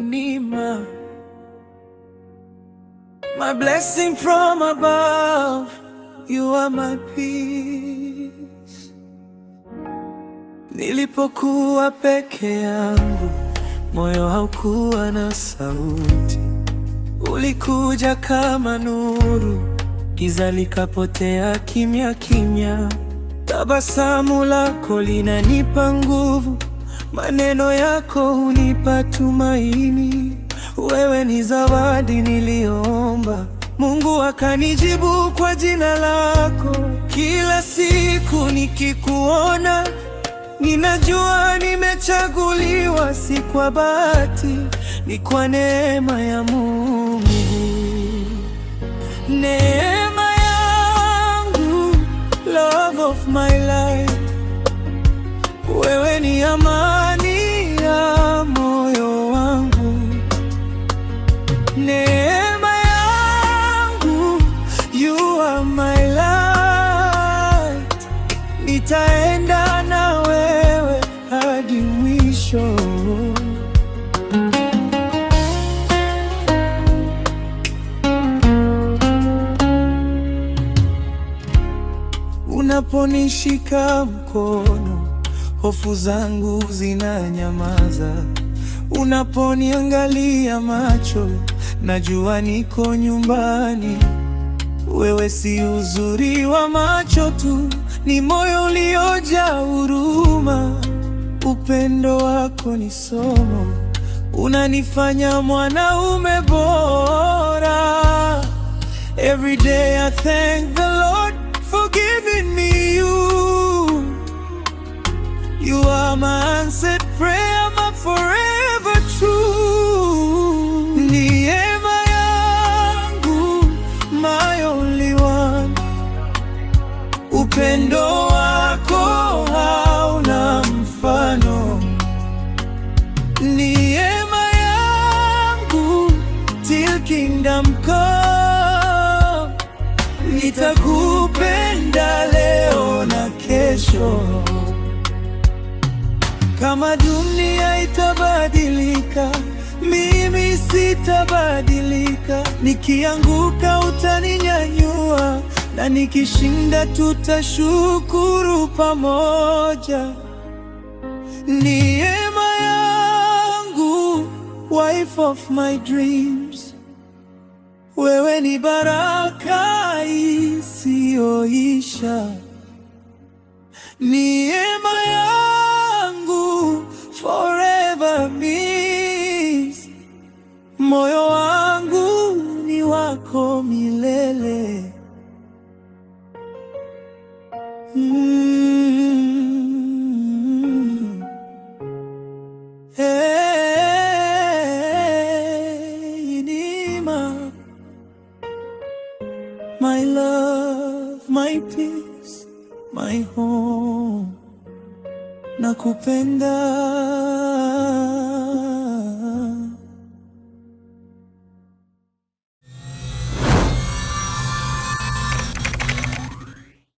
Nima. My blessing from above, you are my peace. Nilipokuwa peke yangu, moyo haukuwa na sauti. Ulikuja kama nuru, giza likapotea kimya kimya. Tabasamu lako linanipa nguvu, maneno yako hunipa tumaini. Wewe ni zawadi niliomba, Mungu akanijibu kwa jina lako. Kila siku nikikuona, ninajua nimechaguliwa, si kwa bahati, ni kwa neema ya Mungu. neema yangu, you are my light, nitaenda na wewe hadi mwisho. Unaponishika mkono, hofu zangu zinanyamaza. Unaponiangalia macho, najua niko nyumbani. Wewe si uzuri wa macho tu, ni moyo uliojaa huruma. Upendo wako ni somo, unanifanya mwanaume bora. Every day I thank the Lord Upendo wako hauna mfano, neema yangu till kingdom come. Nitakupenda leo na kesho, kama dunia itabadilika, mimi sitabadilika, nikianguka na nikishinda tutashukuru pamoja. Neema yangu, wife of my dreams, wewe ni baraka isiyoisha. Neema yangu forever means, moyo wangu ni wako milele. my love, my peace, my home, nakupenda